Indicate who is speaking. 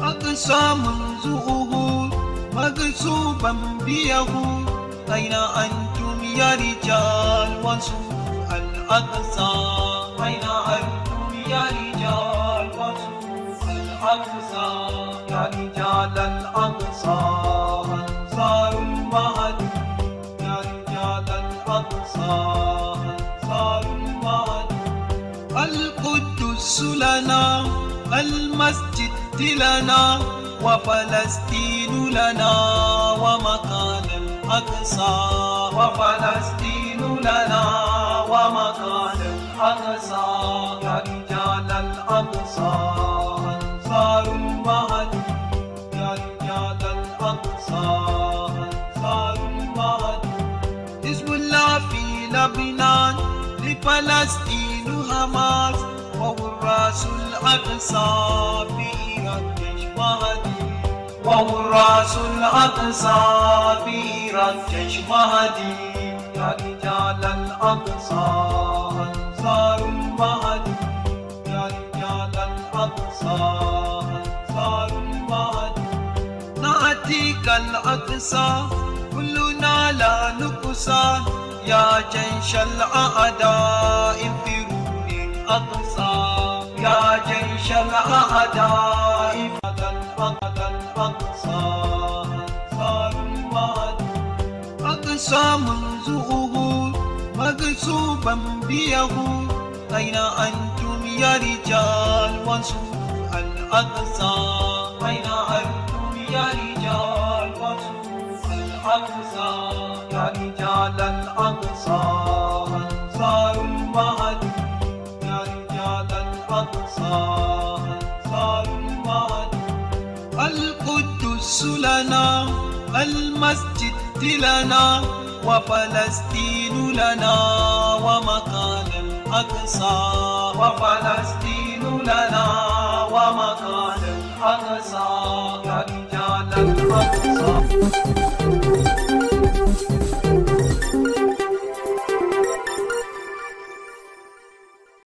Speaker 1: أقسى منذ أهود مغصوبا بيهود أين أنتم يا رجال وسوء الأقصى أين أنتم يا رجال وسوء الأقصى يا رجال الأقصى أنصار أنصار وعد القدس لنا المسجد لنا وفلسطين لنا ومكان الأقصى وفلسطين لنا ومكان الأقصى يا رجال الأقصى أنصار وعد يا رجال الأقصى لا في لبنان لفلسطين حماس ووراث الأقصى بإيران تشبهني ووراث الأقصى بإيران تشبهني يا رجال الأقصى أنصار المهدي يا رجال الأقصى أنصار المهدي نأتيك الأقصى كلنا لا نقصان يا جيش الأعداء انفروا من أقصى يا جيش الأعداء الأقصى أقصى منذ ظهور مغصوبا أين أنتم يا رجال وانصروا الأقصى أين أنتم يا رجال يا رجال الأقصى أنصار المهدي يا رجال الأقصى أنصار المهدي القدس لنا المسجد لنا وفلسطين لنا ومكان الأقصى وفلسطين لنا ومكان Thank you.